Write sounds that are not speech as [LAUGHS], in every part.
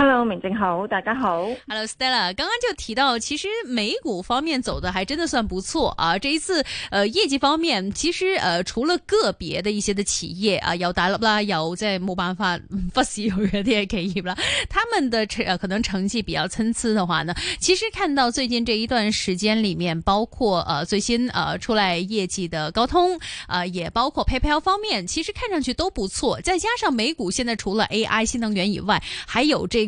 Hello，明正好，大家好。Hello，Stella，剛剛就提到，其實美股方面走得還真的算不錯啊。這一次，呃，業績方面，其實，呃，除了個別的一些的企業啊、呃，有大落啦，有在，冇辦法不視、嗯、有業業。嘅啲嘅企業啦，他們的成、呃、可能成績比較參差的話呢，其實看到最近這一段時間裏面，包括，呃，最新，呃，出來業績的高通，啊、呃，也包括 PayPal 方面，其實看上去都不錯。再加上美股現在除了 AI、新能源以外，還有這個。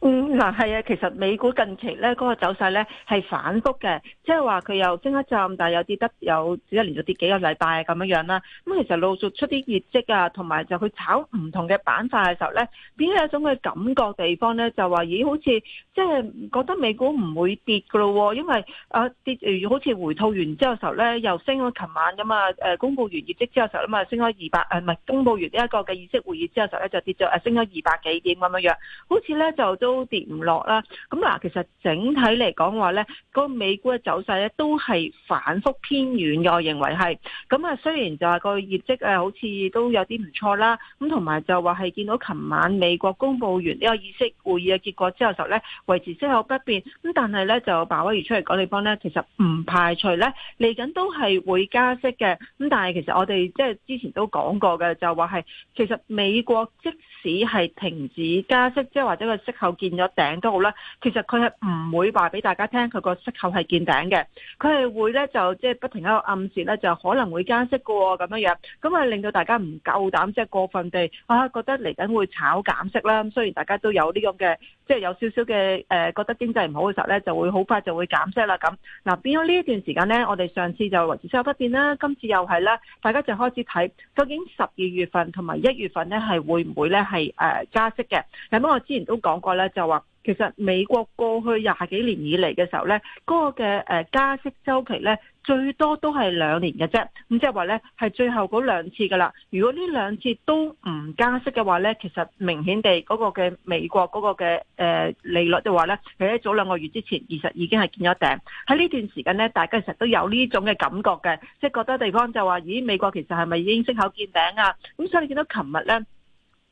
嗯嗱，係啊，其實美股近期咧嗰、那個走勢咧係反覆嘅，即係話佢又升一站，但係又跌得有，只一連就跌幾個禮拜咁樣樣啦。咁其實陸續出啲業績啊，去同埋就佢炒唔同嘅板塊嘅時候咧，點解有種嘅感覺地方咧，就話咦，好似即係覺得美股唔會跌噶咯、哦，因為啊跌，如、呃、好似回吐完之後嘅時候咧，又升咗，琴晚咁嘛，誒、呃、公布完業績之後嘅時候啊嘛，升開二百，誒唔係公布完呢一個嘅議息會議之後就咧就跌咗，誒、啊、升咗二百幾點咁樣樣，好似咧就都。都跌唔落啦，咁嗱，其實整體嚟講話咧，個美股嘅走勢咧都係反復偏軟嘅，我認為係。咁啊，雖然就係個業績誒，好似都有啲唔錯啦，咁同埋就話係見到琴晚美國公布完呢個議息會議嘅結果之後，實咧維持息口不變，咁但係咧就鮑威爾出嚟講地方咧，其實唔排除咧嚟緊都係會加息嘅。咁但係其實我哋即係之前都講過嘅，就話係其實美國即使係停止加息，即係或者個息口。見咗頂都好啦，其實佢係唔會話俾大家聽佢個息口係見頂嘅，佢係會咧就即係、就是、不停喺度暗示咧，就可能會加息嘅咁樣樣，咁啊令到大家唔夠膽即係過分地啊覺得嚟緊會炒減息啦，雖然大家都有呢個嘅。即係有少少嘅，誒，覺得經濟唔好嘅時候咧，就會好快就會減息啦。咁嗱，變咗呢一段時間咧，我哋上次就維持收不變啦，今次又係啦，大家就開始睇究竟十二月份同埋一月份咧係會唔會咧係誒加息嘅。咁我之前都講過咧，就話。其實美國過去廿幾年以嚟嘅時候呢，嗰個嘅誒加息周期呢，最多都係兩年嘅啫。咁即係話呢，係最後嗰兩次㗎喇。如果呢兩次都唔加息嘅話呢，其實明顯地嗰個嘅美國嗰個嘅誒、呃、利率就話呢，喺早兩個月之前，其實已經係見咗頂。喺呢段時間呢，大家其實都有呢種嘅感覺嘅，即係覺得地方就話，咦，美國其實係咪已經息口見頂啊？咁所以你見到琴日呢。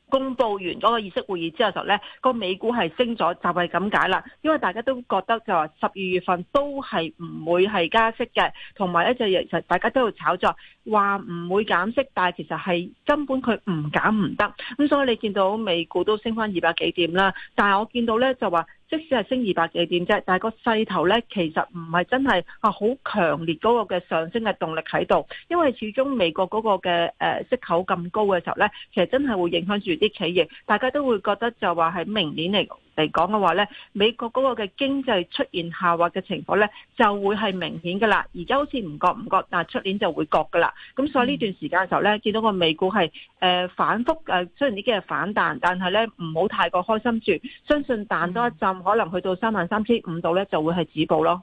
公布完咗個議息會議之後就呢個美股係升咗就係咁解啦，因為大家都覺得就話十二月份都係唔會係加息嘅，同埋一就其實大家都有炒作，話唔會減息，但係其實係根本佢唔減唔得，咁所以你見到美股都升翻二百幾點啦，但係我見到呢，就話。即使係升二百幾點啫，但係個勢頭咧，其實唔係真係啊好強烈嗰個嘅上升嘅動力喺度，因為始終美國嗰個嘅誒息口咁高嘅時候咧，其實真係會影響住啲企業，大家都會覺得就話喺明年嚟。嚟講嘅話咧，美國嗰個嘅經濟出現下滑嘅情況咧，就會係明顯噶啦，而家好似唔覺唔覺，但係出年就會覺噶啦。咁所以呢段時間嘅時候咧，見到個美股係誒反覆誒、呃，雖然呢幾日反彈，但係咧唔好太過開心住，相信彈多一浸，可能去到三萬三千五度咧就會係止步咯。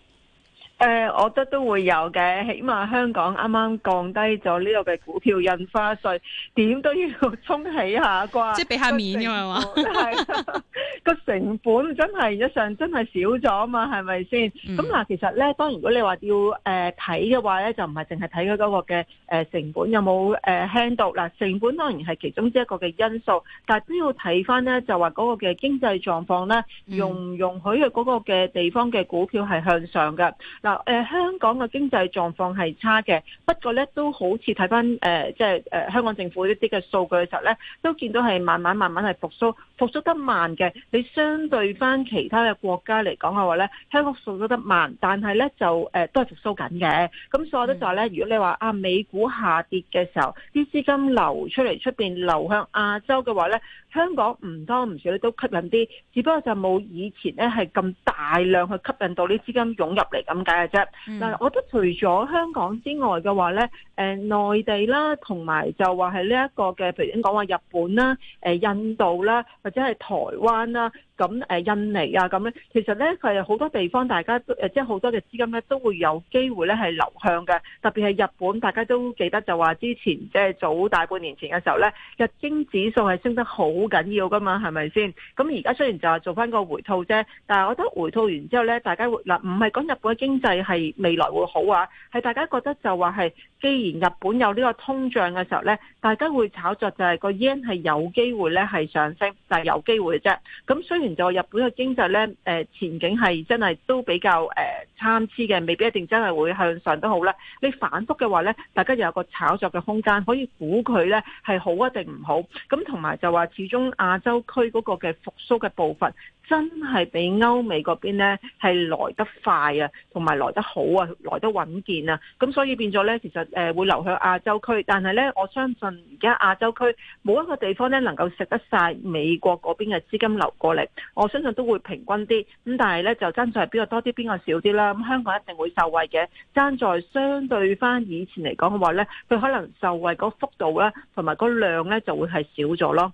誒、呃，我覺得都會有嘅，起碼香港啱啱降低咗呢個嘅股票印花稅，點都要衝起下啩？即係俾下面噶 [LAUGHS] 嘛？係個 [LAUGHS] 成本真係一上真係少咗啊嘛？係咪先？咁、嗯、嗱，其實咧，當然如果你話要、呃、睇嘅話要誒睇嘅話咧，就唔係淨係睇佢嗰個嘅誒、呃、成本有冇誒、呃、輕到嗱、呃，成本當然係其中之一個嘅因素，但係都要睇翻咧，就話嗰個嘅經濟狀況咧容唔容許佢嗰個嘅地方嘅股票係向上嘅嗱。嗯呃誒、呃，香港嘅經濟狀況係差嘅，不過咧都好似睇翻，誒、呃，即係誒香港政府一啲嘅數據嘅時候咧，都見到係慢慢慢慢係復甦，復甦得慢嘅。你相對翻其他嘅國家嚟講嘅話咧，香港復甦得慢，但係咧就誒、呃、都係復甦緊嘅。咁所以我就話咧，如果你話啊美股下跌嘅時候，啲資金流出嚟出邊流向亞洲嘅話咧。香港唔多唔少都吸引啲，只不過就冇以前咧係咁大量去吸引到啲資金湧入嚟咁解嘅啫。但係我覺得除咗香港之外嘅話咧，誒、呃、內地啦，同埋就話係呢一個嘅，譬如講話日本啦、誒、呃、印度啦，或者係台灣啦，咁、呃、誒印尼啊咁咧，其實咧佢係好多地方，大家都誒即係好多嘅資金咧都會有機會咧係流向嘅。特別係日本，大家都記得就話之前即係早大半年前嘅時候咧，日經指數係升得好好緊要噶嘛，係咪先？咁而家雖然就係做翻個回吐啫，但係我覺得回吐完之後呢，大家會嗱唔係講日本嘅經濟係未來會好啊，係大家覺得就話係，既然日本有呢個通脹嘅時候呢，大家會炒作就係個 yen 係有機會呢係上升，但係有機會啫。咁雖然就日本嘅經濟呢，誒前景係真係都比較誒參差嘅，未必一定真係會向上都好啦，你反復嘅話呢，大家又有個炒作嘅空間，可以估佢呢係好呀定唔好。咁同埋就話中亞洲區嗰個嘅復甦嘅部分，真係比歐美嗰邊呢係來得快啊，同埋來得好啊，來得穩健啊。咁所以變咗呢，其實誒、呃、會流向亞洲區。但係呢，我相信而家亞洲區冇一個地方呢能夠食得晒美國嗰邊嘅資金流過嚟。我相信都會平均啲咁，但係呢，就爭在邊個多啲，邊個少啲啦。咁香港一定會受惠嘅，爭在相對返以前嚟講嘅話呢，佢可能受惠嗰幅度呢同埋個量呢就會係少咗咯。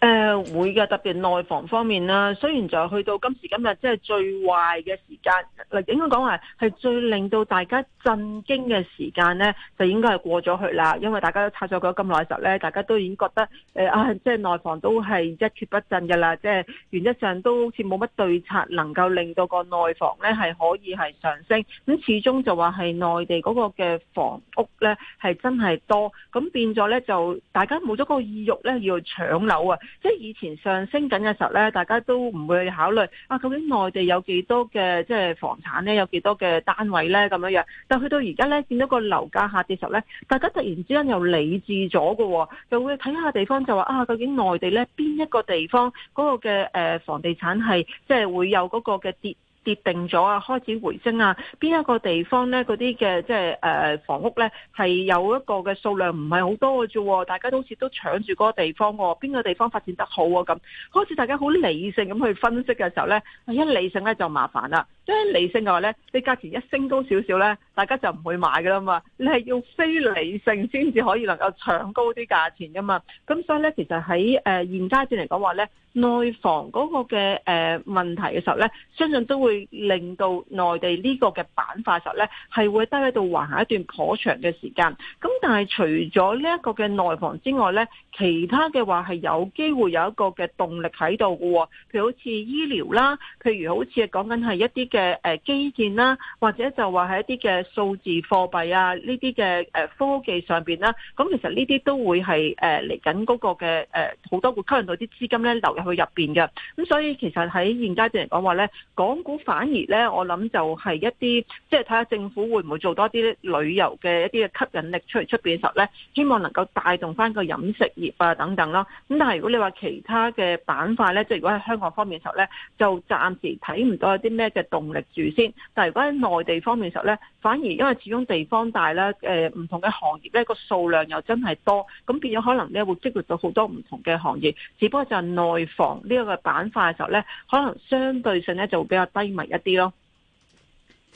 誒、呃，會嘅，特別內房方面啦。雖然就去到今時今日，即係最壞嘅時間，嗱，應該講話係最令到大家震驚嘅時間咧，就應該係過咗去啦。因為大家都拆咗咁耐時咧，大家都已經覺得誒啊、呃，即係內房都係一蹶不振噶啦。即係原則上都好似冇乜對策，能夠令到個內房咧係可以係上升。咁始終就話係內地嗰個嘅房屋咧係真係多，咁變咗咧就大家冇咗個意欲咧要搶樓啊！即係以前上升緊嘅時候呢，大家都唔會去考慮啊，究竟內地有幾多嘅即係房產呢，有幾多嘅單位呢，咁樣樣。但去到而家呢，見到個樓價下跌嘅時候呢，大家突然之間又理智咗喎、哦，就會睇下地方就，就話啊，究竟內地呢邊一個地方嗰個嘅房地產係即係會有嗰個嘅跌。跌定咗啊，開始回升啊，邊一個地方呢？嗰啲嘅即係誒房屋呢，係有一個嘅數量唔係好多嘅啫，大家都好似都搶住嗰個地方喎，邊個地方發展得好喎。咁，開始大家好理性咁去分析嘅時候呢，一理性呢就麻煩啦。咧理性嘅話咧，你價錢一升高少少咧，大家就唔會買㗎啦嘛。你係要非理性先至可以能夠搶高啲價錢㗎嘛。咁所以咧，其實喺誒現階段嚟講話咧，內房嗰個嘅誒問題嘅時候咧，相信都會令到內地呢個嘅板塊實咧係會低喺度橫行一段頗長嘅時間。咁但係除咗呢一個嘅內房之外咧，其他嘅話係有機會有一個嘅動力喺度嘅喎。譬如好似醫療啦，譬如好似講緊係一啲嘅。嘅誒基建啦，或者就話喺一啲嘅數字貨幣啊，呢啲嘅誒科技上邊啦，咁其實呢啲都會係誒嚟緊嗰個嘅誒好多會吸引到啲資金咧流入去入邊嘅，咁所以其實喺現階段嚟講話咧，港股反而咧我諗就係一啲即係睇下政府會唔會做多啲旅遊嘅一啲嘅吸引力出嚟出邊嘅時候咧，希望能夠帶動翻個飲食業啊等等啦，咁但係如果你話其他嘅板塊咧，即係如果喺香港方面嘅時候咧，就暫時睇唔到有啲咩嘅用力住先，但係如果喺內地方面嘅時候咧，反而因為始終地方大啦，誒、呃，唔同嘅行業咧個數量又真係多，咁變咗可能咧會積累到好多唔同嘅行業，只不過就係內房呢一個板塊嘅時候咧，可能相對性咧就會比較低迷一啲咯。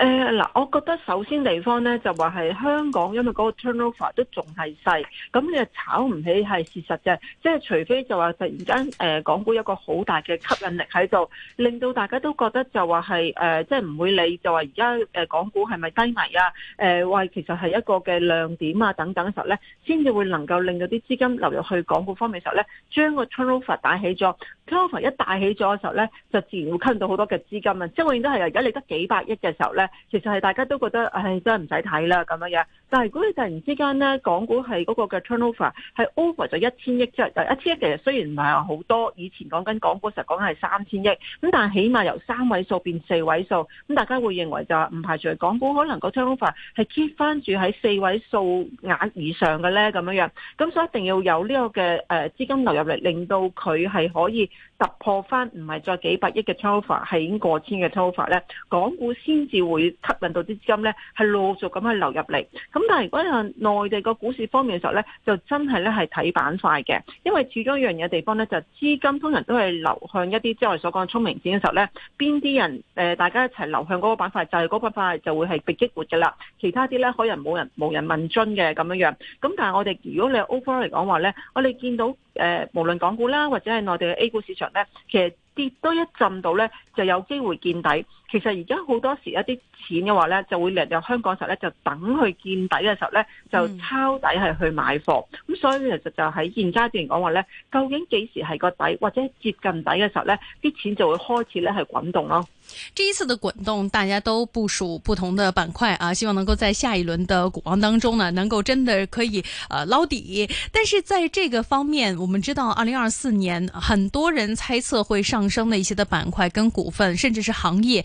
誒、呃、嗱，我覺得首先地方咧就話係香港，因為嗰個 turnover 都仲係細，咁你炒唔起係事實嘅。即係除非就話突然間、呃、港股有一個好大嘅吸引力喺度，令到大家都覺得就話係即係唔會理會就話而家港股係咪低迷啊？誒、呃、喂，其實係一個嘅亮點啊等等嘅時候咧，先至會能夠令到啲資金流入去港股方面嘅時候咧，將個 turnover 打起咗。turnover 一大起咗嘅時候咧，就自然會吸引到好多嘅資金啊！即我認都係而家你得幾百億嘅時候咧，其實係大家都覺得，唉，真係唔使睇啦咁樣樣。但係如果你突然之間咧，港股係嗰個嘅 turnover 係 over 咗一千億，即係一千億其實雖然唔係話好多，以前講緊港股實講緊係三千億，咁但係起碼由三位數變四位數，咁大家會認為就係唔排除港股可能個 turnover 係 keep 翻住喺四位數額以上嘅咧咁樣樣。咁所以一定要有呢個嘅誒資金流入嚟，令到佢係可以。突破翻唔係再幾百億嘅 turnover 係已經過千嘅 turnover 咧，港股先至會吸引到啲資金咧，係陸續咁去流入嚟。咁但係如果係內地個股市方面嘅時候咧，就真係咧係睇板塊嘅，因為始終一樣嘢地方咧就資金通常都係流向一啲即係我哋所講嘅聰明錢嘅時候咧，邊啲人、呃、大家一齊流向嗰個板塊，就係、是、嗰個塊就會係被激活嘅啦。其他啲咧可能冇人冇人問津嘅咁樣樣。咁但係我哋如果你 over 嚟講話咧，我哋見到。誒、呃，無論港股啦，或者係內地嘅 A 股市場呢，其實跌多一浸到呢，就有機會見底。其實而家好多時一啲錢嘅話呢，就會嚟到香港時候呢，就等佢見底嘅時候呢，就抄底係去買貨。咁、嗯、所以其實就喺現階段講話呢，究竟幾時係個底或者接近底嘅時候呢，啲錢就會開始呢係滾動咯。這一次的滾動，大家都部署不同的板塊啊，希望能夠在下一輪的股王當中呢，能夠真的可以誒、呃、撈底。但是在這個方面，我們知道二零二四年，很多人猜測會上升的一些的板塊跟股份，甚至是行業。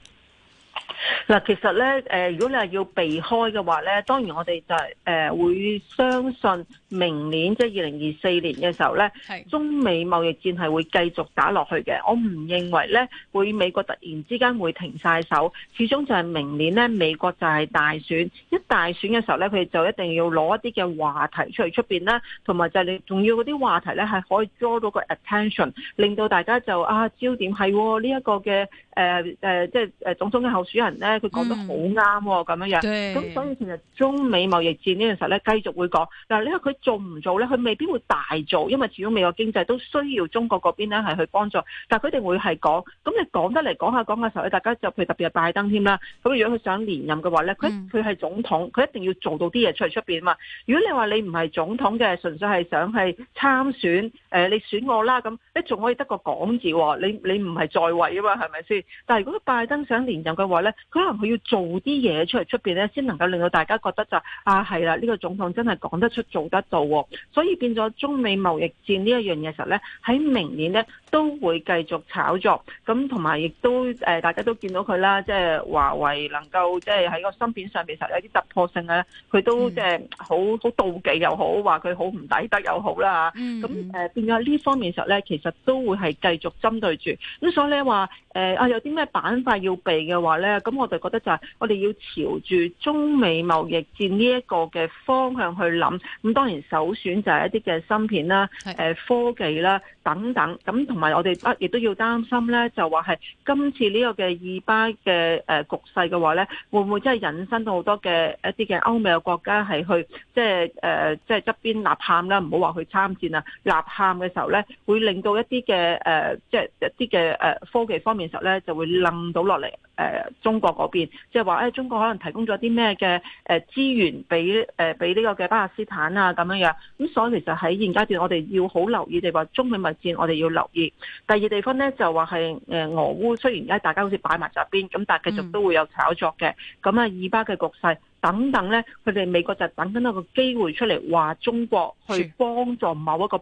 嗱，其實咧，如果你係要避開嘅話咧，當然我哋就係會相信明年即係二零二四年嘅時候咧，中美貿易戰係會繼續打落去嘅。我唔認為咧會美國突然之間會停晒手，始終就係明年咧美國就係大選，一大選嘅時候咧，佢哋就一定要攞一啲嘅話題出嚟出面啦，同埋就係你仲要嗰啲話題咧係可以 draw 到個 attention，令到大家就啊焦點係呢一個嘅誒、呃呃、即係誒總統嘅候選人咧。佢、嗯、講得好啱咁樣樣，咁所以其實中美貿易戰呢陣時咧繼續會講。嗱，你個佢做唔做咧？佢未必會大做，因為始終美國經濟都需要中國嗰邊咧係去幫助。但係佢哋會係講。咁你講得嚟講下講嘅時候咧，大家就譬如特別係拜登添啦。咁如果佢想連任嘅話咧，佢佢係總統，佢一定要做到啲嘢出嚟出面嘛。如果你話你唔係總統嘅，純粹係想係參選，誒、呃、你選我啦咁，你仲可以得個講字、哦。你你唔係在位啊嘛，係咪先？但係如果拜登想連任嘅話咧，可能佢要做啲嘢出嚟出邊咧，先能夠令到大家覺得就啊係啦，呢個總統真係講得出、做得到，哦，所以變咗中美貿易戰呢一樣嘢，實咧喺明年咧。都會繼續炒作，咁同埋亦都、呃、大家都見到佢啦，即係華為能夠即係喺個芯片上面實際上有啲突破性嘅、啊，佢都即係、嗯、好好妒忌又好，話佢好唔抵得又好啦。咁、嗯、誒、呃、變咗呢方面實咧，其實都會係繼續針對住。咁所以咧話誒啊，有啲咩板塊要避嘅話咧，咁我哋覺得就係我哋要朝住中美貿易戰呢一個嘅方向去諗。咁當然首選就係一啲嘅芯片啦、呃、科技啦等等。咁同同埋我哋亦都要擔心咧，就話係今次呢個嘅二巴嘅誒局勢嘅話咧，會唔會真係引申到好多嘅一啲嘅歐美嘅國家係去即係即係側邊吶喊啦，唔好話去參戰啊！吶喊嘅時候咧，會令到一啲嘅誒，即係一啲嘅誒科技方面時候咧，就會冧到落嚟誒中國嗰邊，即係話中國可能提供咗啲咩嘅誒資源俾俾呢個嘅巴勒斯坦啊咁樣樣。咁所以其實喺現階段，我哋要好留意，就話係中美物戰，我哋要留意。第二地方咧就話係誒俄烏，雖然而家大家好似擺埋一邊，咁但係繼續都會有炒作嘅。咁、嗯、啊，以巴嘅局勢等等咧，佢哋美國就等緊一個機會出嚟，話中國去幫助某一個。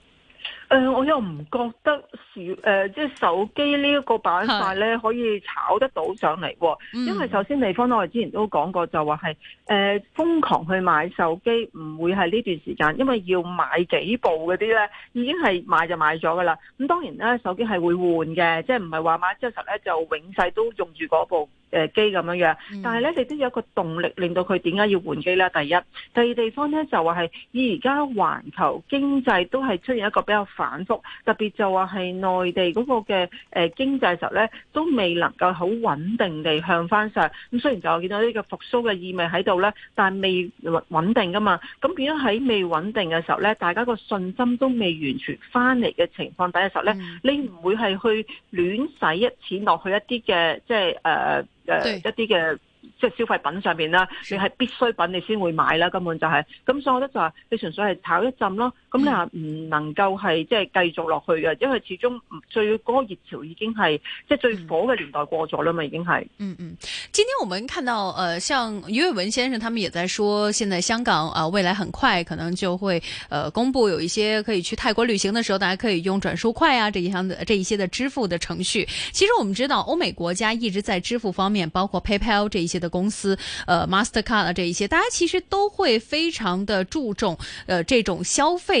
誒、呃，我又唔覺得、呃、即手機呢一個板塊咧，可以炒得到上嚟喎、哦嗯。因為首先，地方我哋之前都講過、就是，就話係誒瘋狂去買手機，唔會係呢段時間，因為要買幾部嗰啲咧，已經係買就買咗噶啦。咁當然咧，手機係會換嘅，即係唔係話買之後實咧就永世都用住嗰部。誒機咁樣樣，但係咧，你都有一個動力令到佢點解要換機咧？第一，第二地方咧就話係而家環球經濟都係出現一個比較反覆，特別就話係內地嗰個嘅誒經濟時候咧都未能夠好穩定地向翻上。咁雖然就我見到呢個復甦嘅意味喺度咧，但係未穩定噶嘛。咁變咗喺未穩定嘅時候咧，大家個信心都未完全翻嚟嘅情況底下嘅時候咧，你唔會係去亂使一錢落去一啲嘅即係誒。呃誒、呃、一啲嘅即係消費品上面啦，你係必需品你先會買啦，根本就係咁，所以我覺得就係你純粹係炒一陣咯。咁你唔能夠係即係繼續落去嘅，因為始終最高熱潮已經係即係最火嘅年代過咗啦嘛，已經係嗯嗯，今天我們看到，呃，像余偉文先生，他們也在說現在香港啊、呃，未來很快可能就會呃，公布有一些可以去泰國旅行的時候，大家可以用轉數快啊，這一項的這一些的支付的程序。其實我們知道，歐美國家一直在支付方面，包括 PayPal 這一些的公司，呃，MasterCard 啊這一些，大家其實都會非常的注重，呃，這種消費。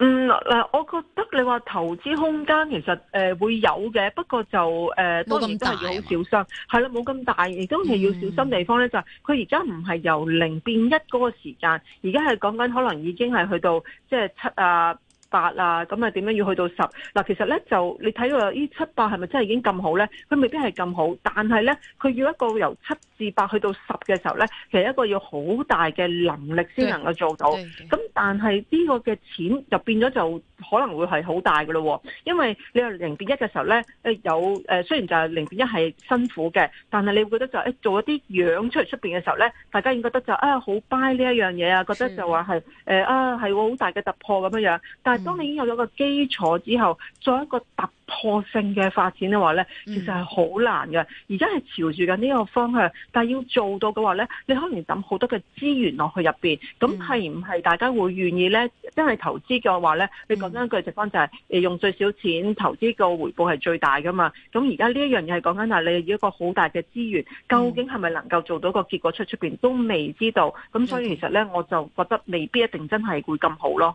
嗯嗱，嗱，我覺得你話投資空間其實誒會有嘅，不過就誒當然都係要好小心，係啦，冇咁大，亦都係要小心地方咧。就佢而家唔係由零變一嗰個時間，而家係講緊可能已經係去到即係七啊八啊，咁啊點樣要去到十？嗱，其實咧就你睇到呢七八係咪真係已經咁好咧？佢未必係咁好，但係咧佢要一個由七。至八去到十嘅時候呢，其實一個要好大嘅能力先能夠做到。咁但係呢個嘅錢就變咗就可能會係好大嘅咯、哦。因為你由零變一嘅時候呢，誒有誒、呃、雖然就係零變一係辛苦嘅，但係你會覺得就誒、是哎、做一啲樣出嚟出邊嘅時候呢，大家已經覺得就啊、是、好、哎、buy 呢一樣嘢啊，覺得就話係誒啊係會好大嘅突破咁樣樣。但係當你已經有咗個基礎之後，再、嗯、一個突破性嘅發展嘅話呢，其實係好難嘅。而家係朝住緊呢個方向，但係要做到嘅話呢，你可能抌好多嘅資源落去入邊，咁係唔係大家會願意呢？因為投資嘅話呢，你講緊一句直方就係、是嗯，用最少錢投資個回報係最大㗎嘛。咁而家呢一樣嘢係講緊係你要一個好大嘅資源，究竟係咪能夠做到個結果出出邊都未知道。咁所以其實呢，我就覺得未必一定真係會咁好咯。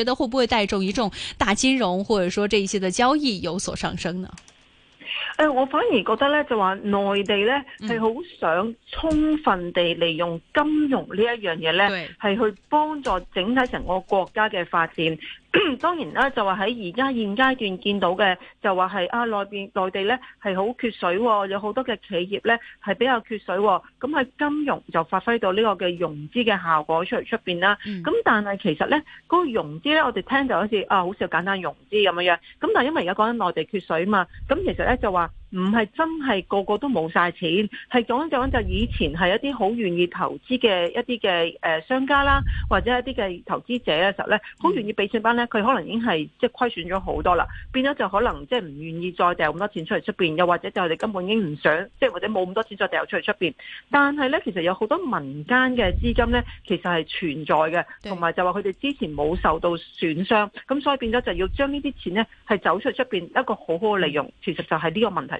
覺得會不會帶動一眾大金融，或者說這一些的交易有所上升呢？誒、哎，我反而覺得呢，就話內地呢，係、嗯、好想充分地利用金融呢一樣嘢呢，係去幫助整體成個國家嘅發展。當然啦，就話喺而家現階段見到嘅，就話係啊內邊內地咧係好缺水、哦，有好多嘅企業咧係比較缺水、哦，咁喺金融就發揮到呢個嘅融資嘅效果出嚟出邊啦。咁、嗯、但係其實咧，嗰、那個融資咧，我哋聽就好、是、似啊，好似簡單融資咁樣樣。咁但係因為而家講緊內地缺水啊嘛，咁其實咧就話。唔係真係個個都冇晒錢，係講講就以前係一啲好願意投資嘅一啲嘅商家啦，或者一啲嘅投資者嘅時候咧，好願意俾錢返咧，佢可能已經係即係虧損咗好多啦，變咗就可能即係唔願意再掉咁多錢出嚟出邊，又或者就係佢哋根本已經唔想即係或者冇咁多錢再掉出嚟出邊。但係咧，其實有好多民間嘅資金咧，其實係存在嘅，同埋就話佢哋之前冇受到損傷，咁所以變咗就要將呢啲錢咧係走出出邊一個好好嘅利用、嗯，其實就係呢個問題。